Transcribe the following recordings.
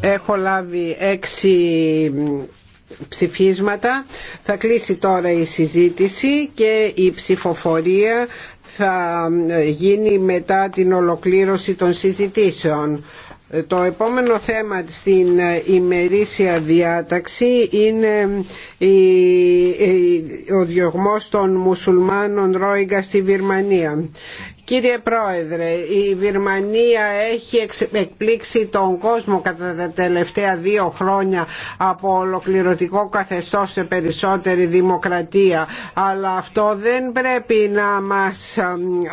Έχω... λάβει έξι ψηφίσματα. Θα κλείσει τώρα η συζήτηση και η ψηφοφορία θα γίνει μετά την ολοκλήρωση των συζητήσεων. Το επόμενο θέμα στην ημερήσια διάταξη είναι ο διωγμός των μουσουλμάνων Ρόιγκα στη Βυρμανία Κύριε Πρόεδρε, η Βυρμανία έχει εκπλήξει τον κόσμο κατά τα τελευταία δύο χρόνια από ολοκληρωτικό καθεστώς σε περισσότερη δημοκρατία. Αλλά αυτό δεν πρέπει να μας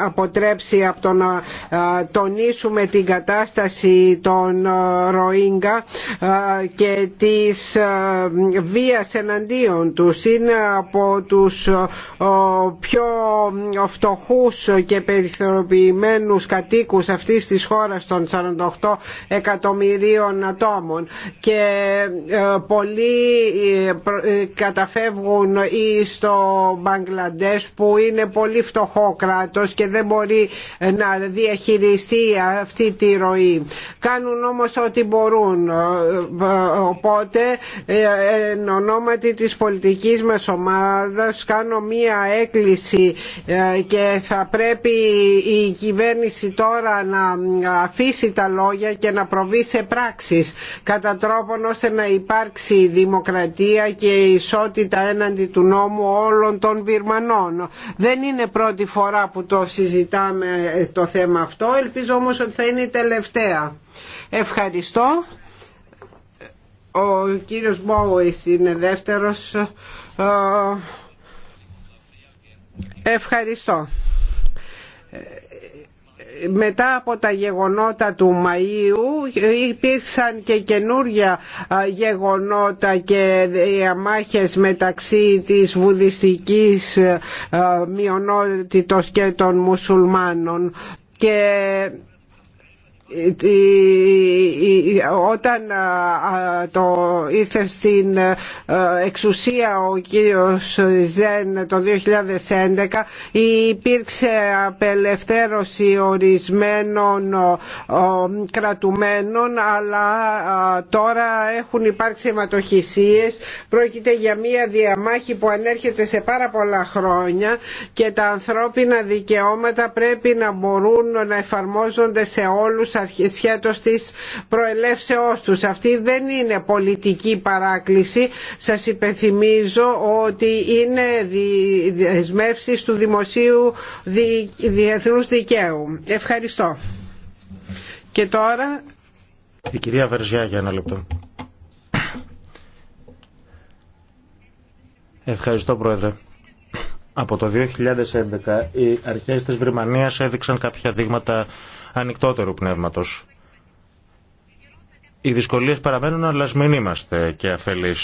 αποτρέψει από το να τονίσουμε την κατάσταση των Ροίγκα και της βίας εναντίον τους. Είναι από τους πιο φτωχούς και περισσότερους Κατοίκου κατοίκους αυτής της χώρας των 48 εκατομμυρίων ατόμων και ε, πολλοί ε, ε, καταφεύγουν ή στο Μπαγκλαντές που είναι πολύ φτωχό κράτος και δεν μπορεί να διαχειριστεί αυτή τη ροή. Κάνουν όμως ό,τι μπορούν. Οπότε εν ονόματι της πολιτικής μας ομάδας κάνω μία έκκληση και θα πρέπει η κυβέρνηση τώρα να αφήσει τα λόγια και να προβεί σε πράξεις κατά τρόπον ώστε να υπάρξει δημοκρατία και ισότητα έναντι του νόμου όλων των Βυρμανών. Δεν είναι πρώτη φορά που το συζητάμε το θέμα αυτό, ελπίζω όμως ότι θα είναι η τελευταία. Ευχαριστώ. Ο κύριος Μπόουις είναι δεύτερος. Ε, ευχαριστώ μετά από τα γεγονότα του Μαΐου υπήρξαν και καινούρια γεγονότα και διαμάχες μεταξύ της βουδιστικής μειονότητος και των μουσουλμάνων και όταν το ήρθε στην εξουσία ο κύριος Ζεν το 2011 υπήρξε απελευθέρωση ορισμένων κρατουμένων αλλά τώρα έχουν υπάρξει αιματοχυσίες πρόκειται για μια διαμάχη που ανέρχεται σε πάρα πολλά χρόνια και τα ανθρώπινα δικαιώματα πρέπει να μπορούν να εφαρμόζονται σε όλους σχέτως της προελεύσεώς τους. Αυτή δεν είναι πολιτική παράκληση. Σας υπενθυμίζω ότι είναι δεσμεύσεις του Δημοσίου Διεθνούς Δικαίου. Ευχαριστώ. Και τώρα... Η κυρία Βερζιά για ένα λεπτό. Ευχαριστώ Πρόεδρε. Από το 2011 οι αρχές της Βρυμανίας έδειξαν κάποια δείγματα ανοιχτότερου πνεύματος. Οι δυσκολίε παραμένουν, αλλά και μην είμαστε και αφελεί.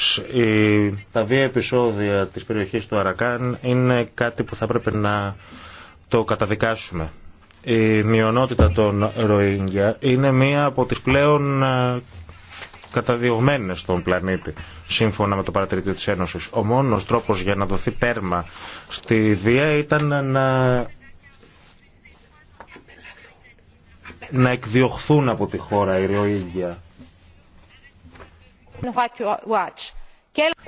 Τα βία επεισόδια τη περιοχή του Αρακάν είναι κάτι που θα πρέπει να το καταδικάσουμε. Η μειονότητα των Ροίνγκια είναι μία από τις πλέον ε, καταδιωγμένες στον πλανήτη, σύμφωνα με το παρατηρητήριο της Ένωσης. Ο μόνος τρόπος για να δοθεί τέρμα στη βία ήταν να να εκδιωχθούν από τη χώρα η Ροήγια.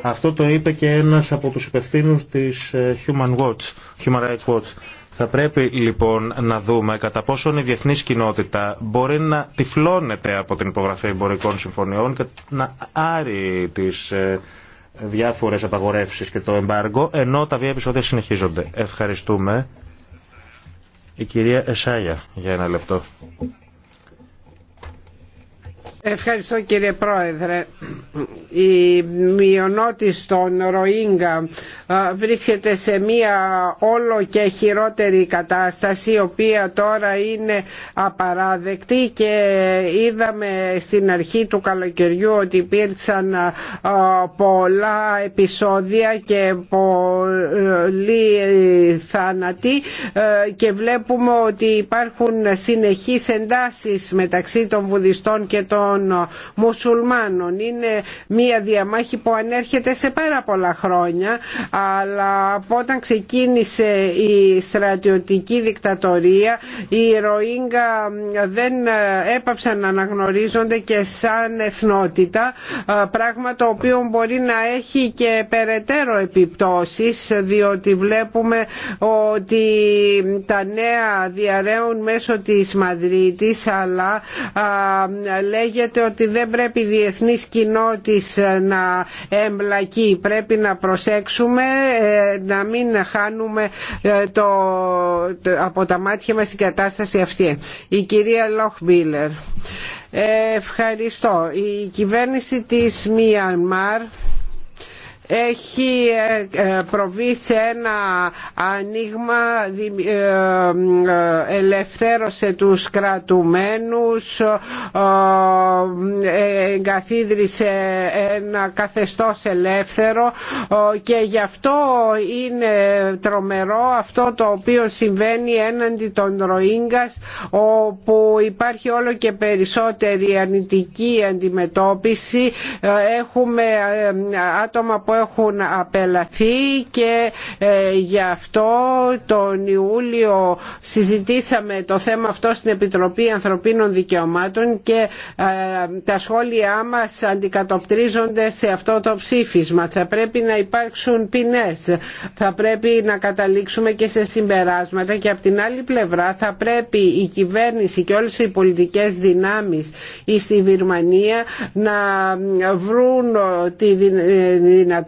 Αυτό το είπε και ένας από τους υπευθύνους της ε, Human, Watch, Human Rights Watch. Θα πρέπει λοιπόν να δούμε κατά πόσον η διεθνής κοινότητα μπορεί να τυφλώνεται από την υπογραφή εμπορικών συμφωνιών και να άρει τις ε, διάφορες απαγορεύσεις και το εμπάργκο, ενώ τα βία επεισόδια συνεχίζονται. Ευχαριστούμε. Η κυρία Εσάγια για ένα λεπτό. Ευχαριστώ κύριε Πρόεδρε. Η μειονότης των Ροίγκα βρίσκεται σε μία όλο και χειρότερη κατάσταση η οποία τώρα είναι απαράδεκτη και είδαμε στην αρχή του καλοκαιριού ότι υπήρξαν πολλά επεισόδια και πολλοί θάνατοι και βλέπουμε ότι υπάρχουν συνεχείς εντάσεις μεταξύ των βουδιστών και των των μουσουλμάνων. Είναι μια διαμάχη που ανέρχεται σε πάρα πολλά χρόνια αλλά από όταν ξεκίνησε η στρατιωτική δικτατορία οι Ροίγκα δεν έπαψαν να αναγνωρίζονται και σαν εθνότητα πράγμα το οποίο μπορεί να έχει και περαιτέρω επιπτώσεις διότι βλέπουμε ότι τα νέα διαραίουν μέσω της Μαδρίτης αλλά λέγεται λέτε ότι δεν πρέπει η διεθνής κοινότητα ε, να εμπλακεί. Πρέπει να προσέξουμε ε, να μην χάνουμε ε, το, από τα μάτια μας την κατάσταση αυτή. Η κυρία Λοχμπίλερ. Ευχαριστώ. Η κυβέρνηση της Μιανμάρ έχει ε, ε, προβεί σε ένα ανοίγμα ε, ελευθέρωσε τους κρατουμένους εγκαθίδρυσε ένα καθεστώς ελεύθερο και γι' αυτό είναι τρομερό αυτό το οποίο συμβαίνει έναντι των Ροίγκας όπου υπάρχει όλο και περισσότερη αρνητική αντιμετώπιση έχουμε άτομα που έχουν απελαθεί και ε, γι' αυτό τον Ιούλιο συζητήσαμε το θέμα αυτό στην Επιτροπή Ανθρωπίνων Δικαιωμάτων και ε, τα σχόλιά μας αντικατοπτρίζονται σε αυτό το ψήφισμα. Θα πρέπει να υπάρξουν ποινές, θα πρέπει να καταλήξουμε και σε συμπεράσματα και από την άλλη πλευρά θα πρέπει η κυβέρνηση και όλες οι πολιτικές δυνάμεις στη Βυρμανία να ε, βρουν τη δυνατότητα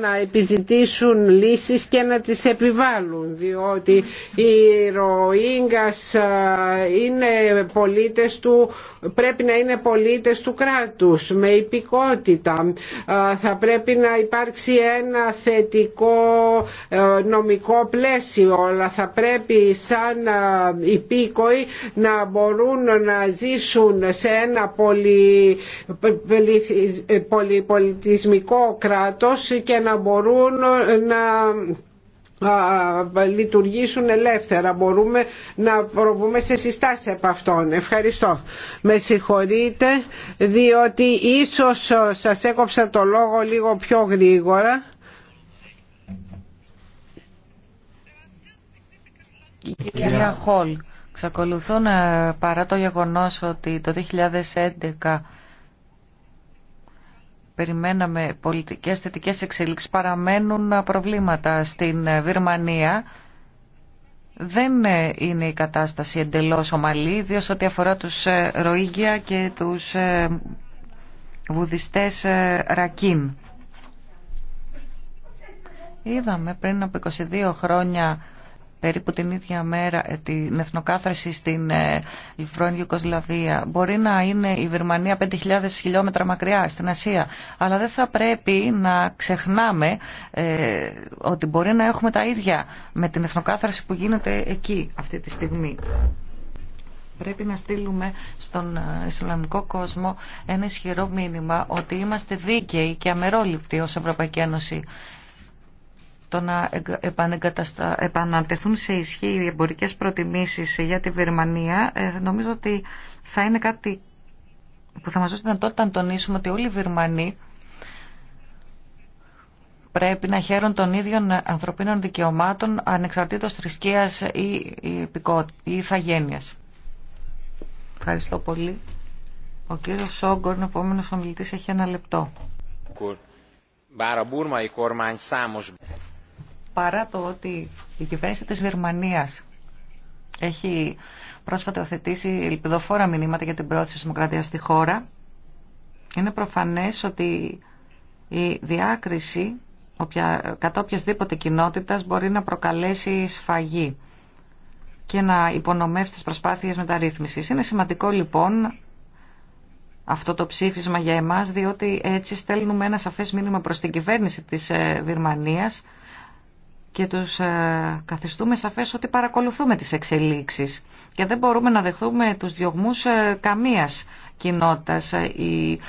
να επιζητήσουν λύσεις και να τις επιβάλλουν διότι οι Ροΐγκας ε, είναι πολίτες του, πρέπει να είναι πολίτες του κράτους με υπηκότητα ε, θα πρέπει να υπάρξει ένα θετικό ε, νομικό πλαίσιο αλλά θα πρέπει σαν υπήκοοι να μπορούν να ζήσουν σε ένα πολυπολιτισμικό κράτο και να μπορούν ε, να λειτουργήσουν ελεύθερα. Μπορούμε να προβούμε σε συστάσεις από αυτόν. Ευχαριστώ. Με συγχωρείτε διότι ίσως ε, σας έκοψα το λόγο λίγο πιο γρήγορα. κυρία Χολ, ξακολουθώ να ε, παρά το γεγονός ότι το 2011 περιμέναμε πολιτικές θετικές εξελίξεις παραμένουν προβλήματα στην Βυρμανία. Δεν είναι η κατάσταση εντελώς ομαλή, ιδίως ό,τι αφορά τους ε, Ροίγια και τους ε, βουδιστές ε, Ρακίν. Είδαμε πριν από 22 χρόνια περίπου την ίδια μέρα ε, την εθνοκάθαρση στην ε, πρώην Κοσλαβία. Μπορεί να είναι η Βερμανία 5.000 χιλιόμετρα μακριά στην Ασία, αλλά δεν θα πρέπει να ξεχνάμε ε, ότι μπορεί να έχουμε τα ίδια με την εθνοκάθαρση που γίνεται εκεί αυτή τη στιγμή. Πρέπει να στείλουμε στον Ισλαμικό κόσμο ένα ισχυρό μήνυμα ότι είμαστε δίκαιοι και αμερόληπτοι ως Ευρωπαϊκή Ένωση το να επανατεθούν σε ισχύ οι εμπορικές προτιμήσεις για τη Βερμανία ε, νομίζω ότι θα είναι κάτι που θα μας δώσει τότε να τονίσουμε ότι όλοι οι Βερμανοί πρέπει να χαίρουν των ίδιων ανθρωπίνων δικαιωμάτων ανεξαρτήτως θρησκείας ή, ή ηθαγένειας. Ευχαριστώ πολύ. Ο κύριος Σόγκορν, ο επόμενος ομιλητής, έχει ένα λεπτό παρά το ότι η κυβέρνηση της Γερμανίας έχει πρόσφατα οθετήσει ελπιδοφόρα μηνύματα για την πρόθεση της δημοκρατίας στη χώρα, είναι προφανές ότι η διάκριση οποια, κατά οποιασδήποτε κοινότητας μπορεί να προκαλέσει σφαγή και να υπονομεύσει τις προσπάθειες μεταρρύθμισης. Είναι σημαντικό λοιπόν αυτό το ψήφισμα για εμάς, διότι έτσι στέλνουμε ένα σαφές μήνυμα προς την κυβέρνηση της Βυρμανίας, ε, και τους ε, καθιστούμε σαφές ότι παρακολουθούμε τις εξελίξεις και δεν μπορούμε να δεχθούμε τους διωγμούς ε, καμίας κοινότητας. Ε, η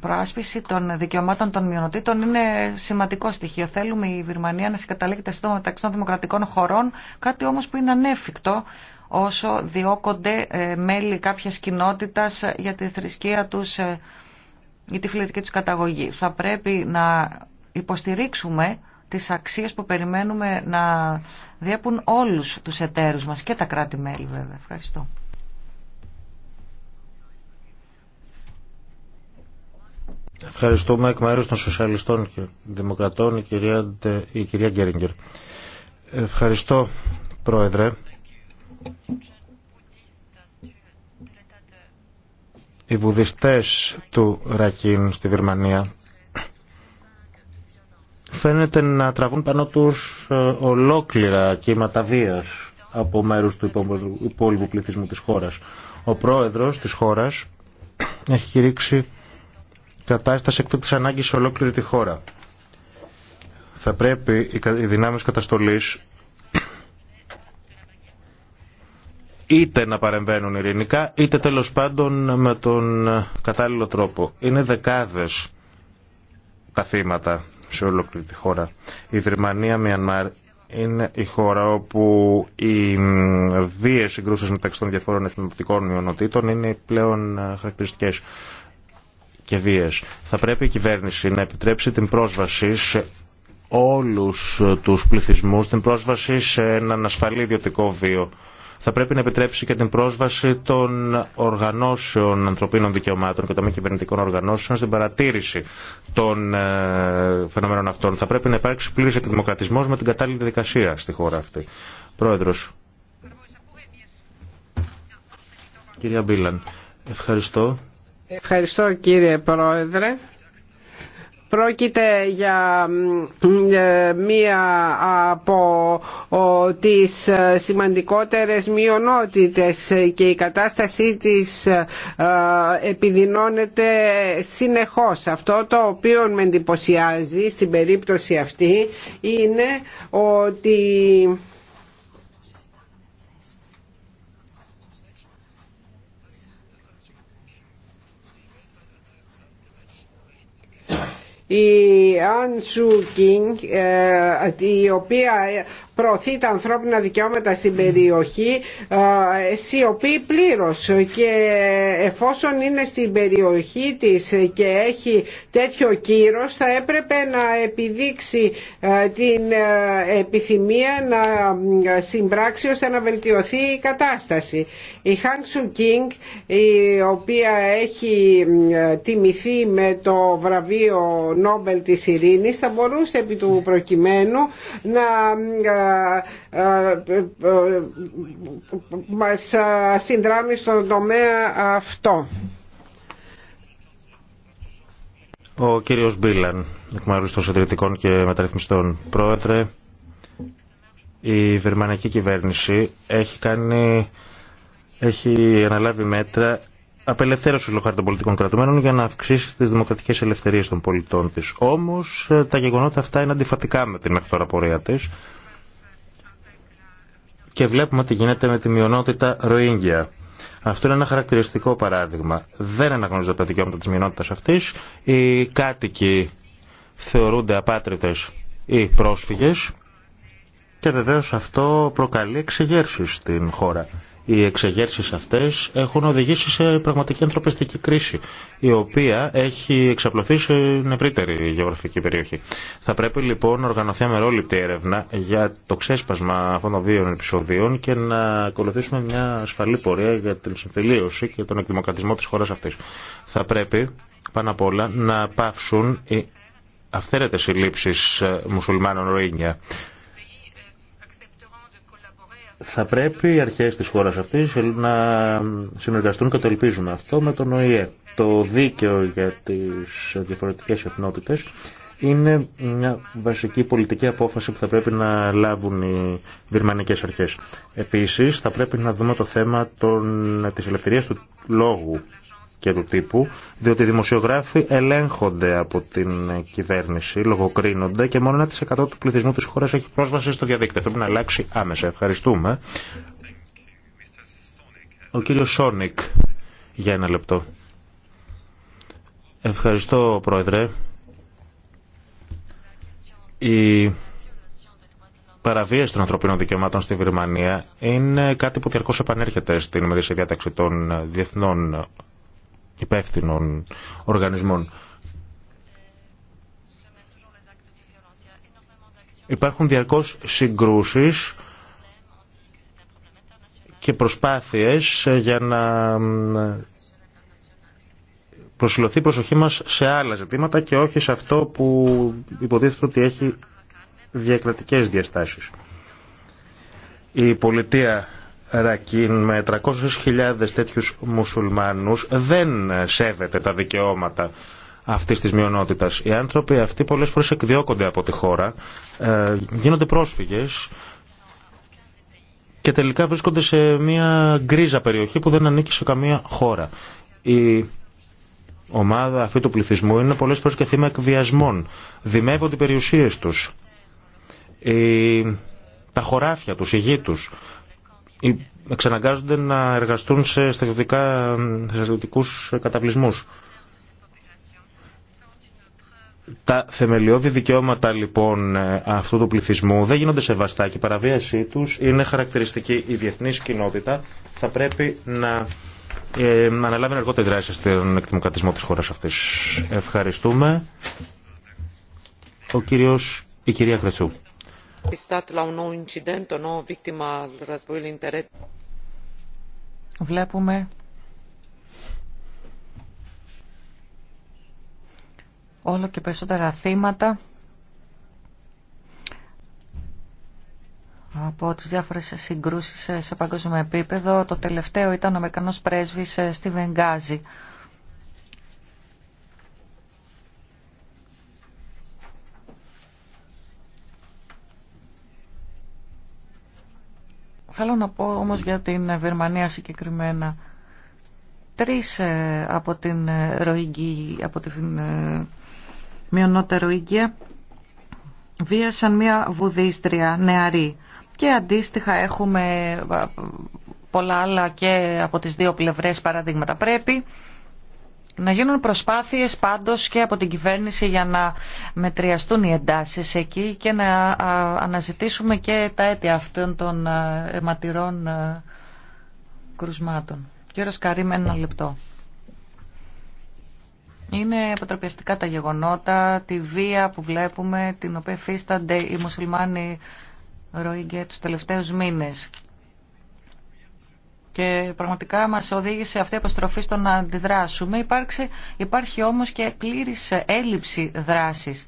προάσπιση των δικαιωμάτων των μειονοτήτων είναι σημαντικό στοιχείο. Θέλουμε η Βυρμανία να συγκαταλέγεται στο μεταξύ των δημοκρατικών χωρών, κάτι όμως που είναι ανέφικτο όσο διώκονται μέλη κάποιας κοινότητας για τη θρησκεία τους ή τη φιλετική τους καταγωγή. Θα πρέπει να υποστηρίξουμε τις αξίες που περιμένουμε να διέπουν όλους τους εταίρους μας και τα κράτη-μέλη βέβαια. Ευχαριστώ. Ευχαριστούμε εκ μέρους των Σοσιαλιστών και Δημοκρατών η κυρία, η κυρία Γκέριγκερ. Ευχαριστώ Πρόεδρε. Οι βουδιστές του Ρακίν στη Βερμανία φαίνεται να τραβούν πάνω τους ε, ολόκληρα κύματα βίας από μέρους του υπόλοιπου πληθυσμού της χώρας. Ο πρόεδρος της χώρας έχει κηρύξει κατάσταση εκτός ανάγκης σε ολόκληρη τη χώρα. Θα πρέπει οι δυνάμεις καταστολής είτε να παρεμβαίνουν ειρηνικά, είτε τέλος πάντων με τον κατάλληλο τρόπο. Είναι δεκάδες τα θύματα σε ολόκληρη τη χώρα. Η Βερμανία, Μιανμάρ είναι η χώρα όπου οι βίες συγκρούσεις μεταξύ των διαφόρων εθνοτικών μειονοτήτων είναι πλέον ε, χαρακτηριστικές και βίες. Θα πρέπει η κυβέρνηση να επιτρέψει την πρόσβαση σε όλους τους πληθυσμούς, την πρόσβαση σε έναν ασφαλή ιδιωτικό βίο θα πρέπει να επιτρέψει και την πρόσβαση των οργανώσεων ανθρωπίνων δικαιωμάτων και των μη κυβερνητικών οργανώσεων στην παρατήρηση των ε, φαινομένων αυτών. Θα πρέπει να υπάρξει πλήρη εκδημοκρατισμό με την κατάλληλη διαδικασία στη χώρα αυτή. Πρόεδρο. Κυρία Μπίλαν, ευχαριστώ. Ευχαριστώ κύριε Πρόεδρε. Πρόκειται για ε, μία από τις σημαντικότερες μειονότητες και η κατάστασή της ε, επιδεινώνεται συνεχώς. Αυτό το οποίο με εντυπωσιάζει στην περίπτωση αυτή είναι ότι η Αν Σου Κινγκ ε, η οποία ε, προωθεί τα ανθρώπινα δικαιώματα στην περιοχή ε, σιωπεί πλήρως και εφόσον είναι στην περιοχή της και έχει τέτοιο κύρος θα έπρεπε να επιδείξει την επιθυμία να συμπράξει ώστε να βελτιωθεί η κατάσταση. Η Χάν Σου Κίνγκ η οποία έχει τιμηθεί με το βραβείο Νόμπελ της Ειρήνης θα μπορούσε επί του προκειμένου να μας συνδράμει στον τομέα αυτό. Ο κύριος Μπίλαν, εκ των συντηρητικών και μεταρρυθμιστών πρόεδρε, η βερμανική κυβέρνηση έχει κάνει έχει αναλάβει μέτρα απελευθέρωση ολοχάρη των πολιτικών κρατουμένων για να αυξήσει τι δημοκρατικέ ελευθερίε των πολιτών τη. Όμω ε, τα γεγονότα αυτά είναι αντιφατικά με την μέχρι πορεία τη και βλέπουμε ότι γίνεται με τη μειονότητα Ροίνγκια. Αυτό είναι ένα χαρακτηριστικό παράδειγμα. Δεν αναγνωρίζονται τα δικαιώματα τη μειονότητα αυτή. Οι κάτοικοι θεωρούνται απάτριτε ή πρόσφυγε και βεβαίω αυτό προκαλεί εξεγέρσει στην χώρα. Οι εξεγέρσεις αυτές έχουν οδηγήσει σε πραγματική ανθρωπιστική κρίση, η οποία έχει εξαπλωθεί σε ευρύτερη γεωγραφική περιοχή. Θα πρέπει λοιπόν να οργανωθεί αμερόληπτη έρευνα για το ξέσπασμα αυτών των δύο επεισοδίων και να ακολουθήσουμε μια ασφαλή πορεία για την συμφιλίωση και τον εκδημοκρατισμό της χώρας αυτής. Θα πρέπει πάνω απ' όλα να πάυσουν οι αυθαίρετες συλλήψεις ε, μουσουλμάνων ροήνια θα πρέπει οι αρχές της χώρας αυτής να συνεργαστούν και το ελπίζουμε αυτό με τον ΟΗΕ. Το δίκαιο για τις διαφορετικές εθνότητες είναι μια βασική πολιτική απόφαση που θα πρέπει να λάβουν οι βυρμανικές αρχές. Επίσης θα πρέπει να δούμε το θέμα των, της ελευθερίας του λόγου και του τύπου, διότι οι δημοσιογράφοι ελέγχονται από την κυβέρνηση, λογοκρίνονται και μόνο εκατό του πληθυσμού της χώρας έχει πρόσβαση στο διαδίκτυο. πρέπει να αλλάξει άμεσα. Ευχαριστούμε. Ο κύριος Σόνικ, για ένα λεπτό. Ευχαριστώ, Πρόεδρε. Η παραβίαση των ανθρωπίνων δικαιωμάτων στη Βερμανία είναι κάτι που διαρκώς επανέρχεται στην μερίσια διάταξη των διεθνών υπεύθυνων οργανισμών. Υπάρχουν διαρκώς συγκρούσεις και προσπάθειες για να προσυλλωθεί η προσοχή μας σε άλλα ζητήματα και όχι σε αυτό που υποτίθεται ότι έχει διακρατικές διαστάσεις. Η πολιτεία Ρακίν με 300.000 τέτοιους μουσουλμάνους δεν σέβεται τα δικαιώματα αυτής της μειονότητας. Οι άνθρωποι αυτοί πολλές φορές εκδιώκονται από τη χώρα, ε, γίνονται πρόσφυγες και τελικά βρίσκονται σε μια γκρίζα περιοχή που δεν ανήκει σε καμία χώρα. Η ομάδα αυτή του πληθυσμού είναι πολλές φορές και θύμα εκβιασμών. Δημεύονται οι περιουσίες τους, τα χωράφια τους, η γη τους εξαναγκάζονται να εργαστούν σε στρατιωτικού καταπλισμούς. Τα θεμελιώδη δικαιώματα λοιπόν αυτού του πληθυσμού δεν γίνονται σεβαστά και η παραβίασή τους είναι χαρακτηριστική. Η διεθνή κοινότητα θα πρέπει να ε, αναλάβει ενεργότερη δράση στον εκδημοκρατισμό της χώρας αυτής. Ευχαριστούμε. Ο κύριος, η κυρία Βλέπουμε όλο και περισσότερα θύματα από τις διάφορες συγκρούσεις σε παγκόσμιο επίπεδο. Το τελευταίο ήταν ο Αμερικανός πρέσβης ε, στη Βενγάζη. Θέλω να πω όμως για την Βερμανία συγκεκριμένα. Τρεις ε, από την ε, Ροϊγκή, από την ε, μειονότητα βίασαν μια βουδίστρια νεαρή. Και αντίστοιχα έχουμε πολλά άλλα και από τις δύο πλευρές παραδείγματα. Πρέπει να γίνουν προσπάθειες πάντως και από την κυβέρνηση για να μετριαστούν οι εντάσεις εκεί και να αναζητήσουμε και τα αίτια αυτών των αιματηρών κρουσμάτων. Κύριος Καρύμ, ένα λεπτό. Είναι αποτροπιαστικά τα γεγονότα, τη βία που βλέπουμε, την οποία φύστανται οι μουσουλμάνοι Ροίγκε τους τελευταίους μήνες και πραγματικά μας οδήγησε αυτή η αποστροφή στο να αντιδράσουμε. Υπάρξει, υπάρχει όμως και πλήρης έλλειψη δράσης.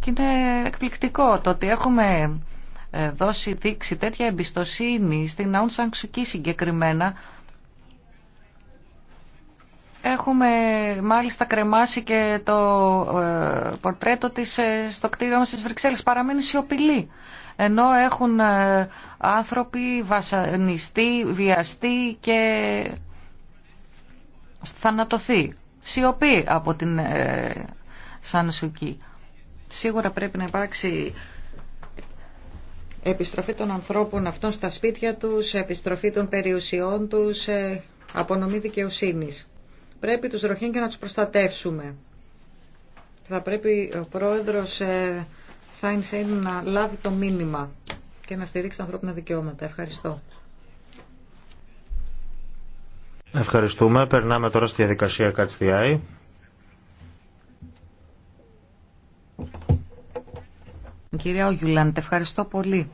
Και είναι εκπληκτικό το ότι έχουμε ε, δώσει δείξη τέτοια εμπιστοσύνη στην Αουν Σανξουκή συγκεκριμένα. Έχουμε μάλιστα κρεμάσει και το ε, πορτρέτο της ε, στο κτίριο μας της Βρυξέλλης. Παραμένει σιωπηλή ενώ έχουν ε, άνθρωποι βασανιστεί, βιαστεί και θανατωθεί. Σιωπή από την ε, Σίγουρα πρέπει να υπάρξει επιστροφή των ανθρώπων αυτών στα σπίτια τους, επιστροφή των περιουσιών τους, ε, απονομή δικαιοσύνης. Πρέπει τους και να τους προστατεύσουμε. Θα πρέπει ο πρόεδρος... Ε, θα είναι να λάβει το μήνυμα και να στηρίξει τα ανθρώπινα δικαιώματα. Ευχαριστώ. Ευχαριστούμε. Περνάμε τώρα στη διαδικασία ΚΑΤΣΤΙΑΗ. Κυρία Ογιουλάντε, ευχαριστώ πολύ.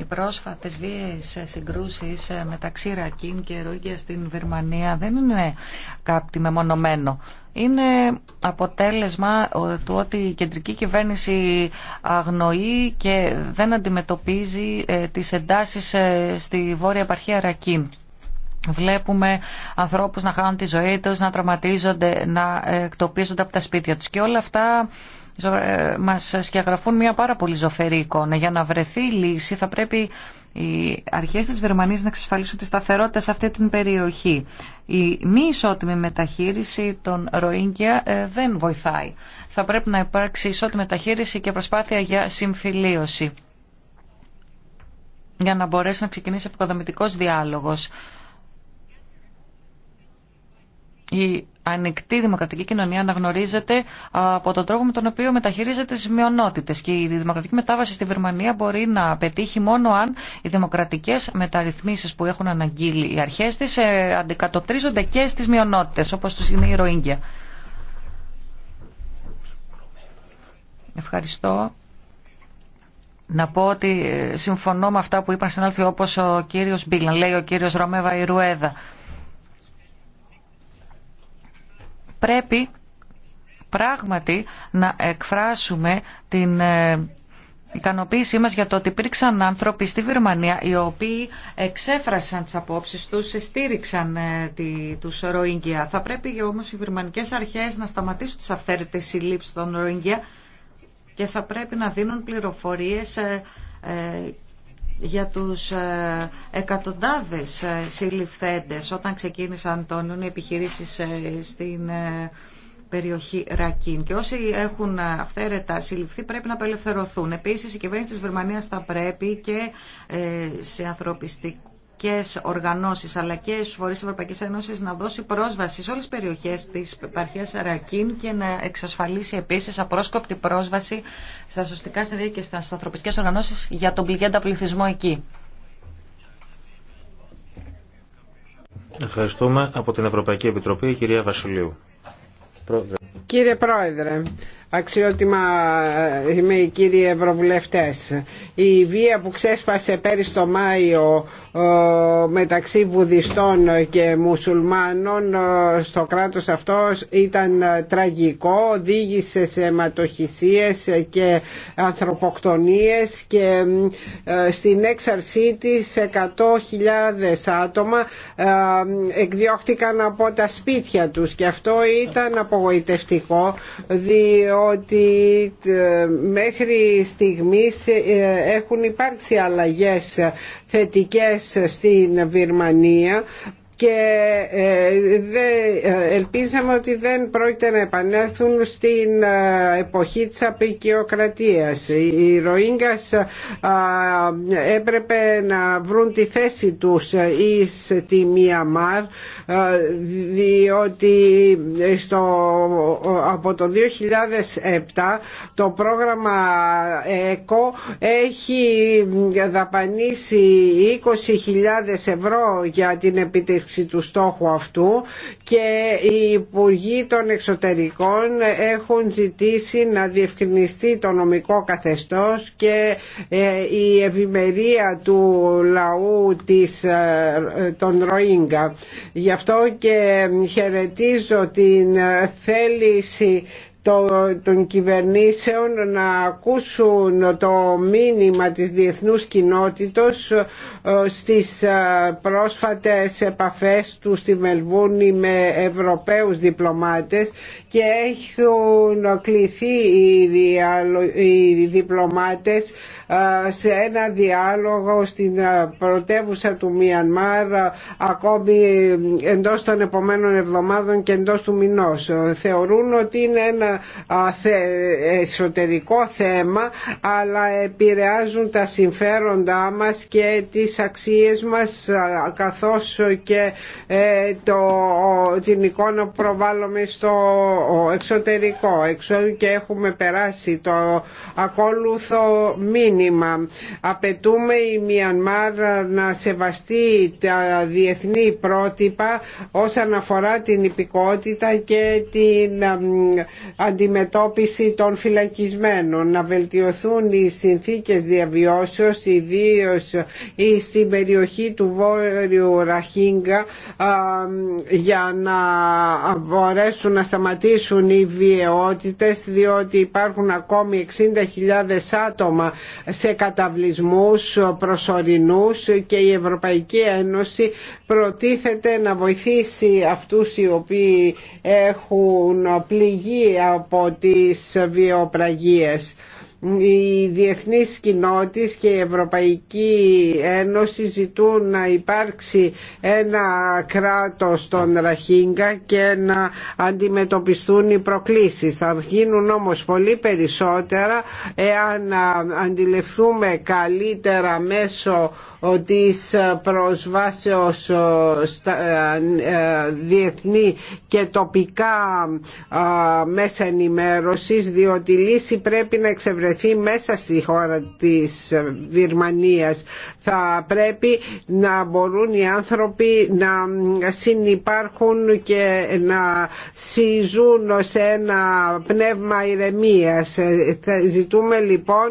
Οι πρόσφατες βίαιες συγκρούσεις μεταξύ Ρακίν και Ρούγια στην Βερμανία δεν είναι κάτι μεμονωμένο. Είναι αποτέλεσμα του ότι η κεντρική κυβέρνηση αγνοεί και δεν αντιμετωπίζει ε, τις εντάσεις ε, στη βόρεια επαρχία Ρακίν. Βλέπουμε ανθρώπους να χάνουν τη ζωή τους, να τραυματίζονται, να ε, εκτοπίζονται από τα σπίτια τους. Και όλα αυτά ε, μας σκιαγραφούν μια πάρα πολύ ζωφερή εικόνα. Για να βρεθεί λύση θα πρέπει οι αρχές της Βερμανίας να εξασφαλίσουν τη σταθερότητα σε αυτή την περιοχή. Η μη ισότιμη μεταχείριση των Ροίγκια ε, δεν βοηθάει. Θα πρέπει να υπάρξει ισότιμη μεταχείριση και προσπάθεια για συμφιλίωση για να μπορέσει να ξεκινήσει επικοδομητικός διάλογος ανοιχτή δημοκρατική κοινωνία αναγνωρίζεται από τον τρόπο με τον οποίο μεταχειρίζεται τι μειονότητε. Και η δημοκρατική μετάβαση στη Βερμανία μπορεί να πετύχει μόνο αν οι δημοκρατικέ μεταρρυθμίσει που έχουν αναγγείλει οι αρχέ τη ε, αντικατοπτρίζονται και στι μειονότητε, όπω του είναι η Ροίγκια. Ευχαριστώ. Να πω ότι ε, συμφωνώ με αυτά που είπαν αλφή, όπως ο κύριος Μπίλαν, λέει ο κύριος Ρωμέβα Ιρουέδα. πρέπει πράγματι να εκφράσουμε την ε, ικανοποίησή μας για το ότι υπήρξαν άνθρωποι στη Βερμανία οι οποίοι εξέφρασαν τις απόψεις τους, στήριξαν ε, τη, τους Ροϊγκία. Θα πρέπει όμως οι βερμανικές αρχές να σταματήσουν τις αυθαίρετες συλλήψεις των Ροϊγκία και θα πρέπει να δίνουν πληροφορίες ε, για τους ε, εκατοντάδες ε, συλληφθέντες όταν ξεκίνησαν τον επιχειρήσεις ε, στην περιοχή Ρακίν. Και όσοι έχουν αυθαίρετα συλληφθεί πρέπει να απελευθερωθούν. Επίσης η κυβέρνηση της Βερμανίας θα πρέπει και σε ανθρωπιστικό ευρωπαϊκέ οργανώσεις αλλά και φορεί τη Ευρωπαϊκή Ένωση να δώσει πρόσβαση σε όλες τι περιοχές της επαρχία Αρακίν και να εξασφαλίσει επίσης απρόσκοπτη πρόσβαση στα σωστικά συνδέα και στις ανθρωπιστικές οργανώσεις για τον πληγέντα πληθυσμό εκεί. Ευχαριστούμε από την Ευρωπαϊκή Επιτροπή, η κυρία Βασιλείου. Κύριε Πρόεδρε, αξιότιμα ε, είμαι οι κύριοι ευρωβουλευτές. Η βία που ξέσπασε πέρυσι το Μάιο ε, μεταξύ βουδιστών και μουσουλμάνων ε, στο κράτος αυτό ήταν τραγικό, οδήγησε σε αιματοχυσίες και ανθρωποκτονίες και στην έξαρσή της 100.000 άτομα εκδιώχτηκαν από τα σπίτια τους και αυτό ήταν απογοητευτικό διότι ότι ε, μέχρι στιγμής ε, έχουν υπάρξει αλλαγές θετικές στην Βυρμανία και ε, ε, ελπίζαμε ότι δεν πρόκειται να επανέλθουν στην ε, εποχή της απεικιοκρατίας. Οι Ροίγκας έπρεπε να βρουν τη θέση τους εις τη Μιαμάρ διότι στο, από το 2007 το πρόγραμμα ΕΚΟ έχει δαπανίσει 20.000 ευρώ για την επιτυχία του στόχου αυτού και οι Υπουργοί των Εξωτερικών έχουν ζητήσει να διευκρινιστεί το νομικό καθεστώς και ε, η ευημερία του λαού της, ε, των Ροίγκα. Γι' αυτό και χαιρετίζω την θέληση των κυβερνήσεων να ακούσουν το μήνυμα της διεθνούς κοινότητος ε, στις ε, πρόσφατες επαφές του στη Μελβούνη με Ευρωπαίους διπλωμάτες και έχουν κληθεί οι διπλωμάτες σε ένα διάλογο στην πρωτεύουσα του Μιανμάρ ακόμη ε, εντός των επομένων εβδομάδων και εντός του μηνός. Θεωρούν ότι είναι ένα εσωτερικό θέμα αλλά επηρεάζουν τα συμφέροντά μας και τις αξίες μας καθώς και ε, το, την εικόνα που προβάλλουμε στο εξωτερικό και έχουμε περάσει το ακόλουθο μήνυμα. Απαιτούμε η Μιανμάρ να σεβαστεί τα διεθνή πρότυπα όσον αφορά την υπηκότητα και την αντιμετώπιση των φυλακισμένων. Να βελτιωθούν οι συνθήκες διαβιώσεως ιδίως στην περιοχή του Βόρειου Ραχίνγκα για να μπορέσουν να σταματήσουν σταματήσουν οι βιαιότητες διότι υπάρχουν ακόμη 60.000 άτομα σε καταβλισμούς προσωρινούς και η Ευρωπαϊκή Ένωση προτίθεται να βοηθήσει αυτούς οι οποίοι έχουν πληγεί από τις βιοπραγίες οι διεθνείς κοινότητες και η Ευρωπαϊκή Ένωση ζητούν να υπάρξει ένα κράτος των Ραχίνγκα και να αντιμετωπιστούν οι προκλήσεις. Θα γίνουν όμως πολύ περισσότερα εάν αντιληφθούμε καλύτερα μέσω της ε, προσβάσεως ε, στα ε, διεθνή και τοπικά μέσα ενημέρωσης διότι η λύση πρέπει να εξευρεθεί μέσα στη χώρα της Βυρμανία. Θα πρέπει να μπορούν οι άνθρωποι να συνυπάρχουν και να συζούν σε ένα πνεύμα ηρεμίας. Ζητούμε λοιπόν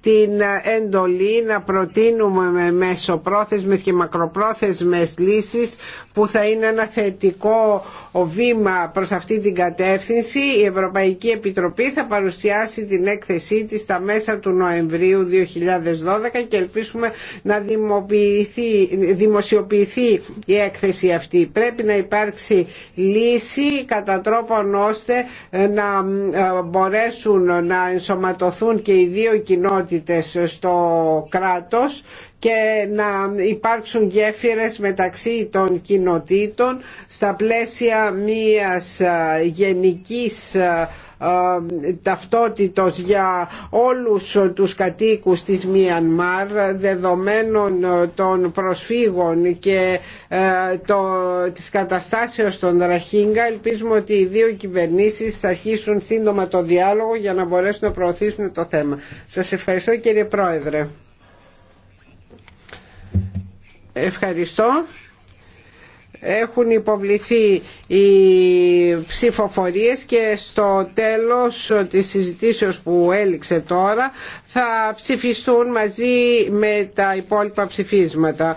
την εντολή να προτείνουμε με μεσοπρόθεσμες και μακροπρόθεσμες λύσεις που θα είναι ένα θετικό βήμα προς αυτή την κατεύθυνση. Η Ευρωπαϊκή Επιτροπή θα παρουσιάσει την έκθεσή της στα μέσα του Νοεμβρίου 2012 και ελπίσουμε να δημοσιοποιηθεί η έκθεση αυτή. Πρέπει να υπάρξει λύση κατά τρόπον ώστε να ε, μπορέσουν να ενσωματωθούν και οι δύο κοινότητες στο κράτος και να υπάρξουν γέφυρες μεταξύ των κοινοτήτων στα πλαίσια μιας γενικής ταυτότητος για όλους τους κατοίκους της Μιανμάρ δεδομένων των προσφύγων και το, της καταστάσεως των Ραχίνγκα ελπίζουμε ότι οι δύο κυβερνήσεις θα αρχίσουν σύντομα το διάλογο για να μπορέσουν να προωθήσουν το θέμα. Σας ευχαριστώ κύριε Πρόεδρε. Ευχαριστώ. Έχουν υποβληθεί οι ψηφοφορίες και στο τέλος της συζητήσεως που έληξε τώρα θα ψηφιστούν μαζί με τα υπόλοιπα ψηφίσματα.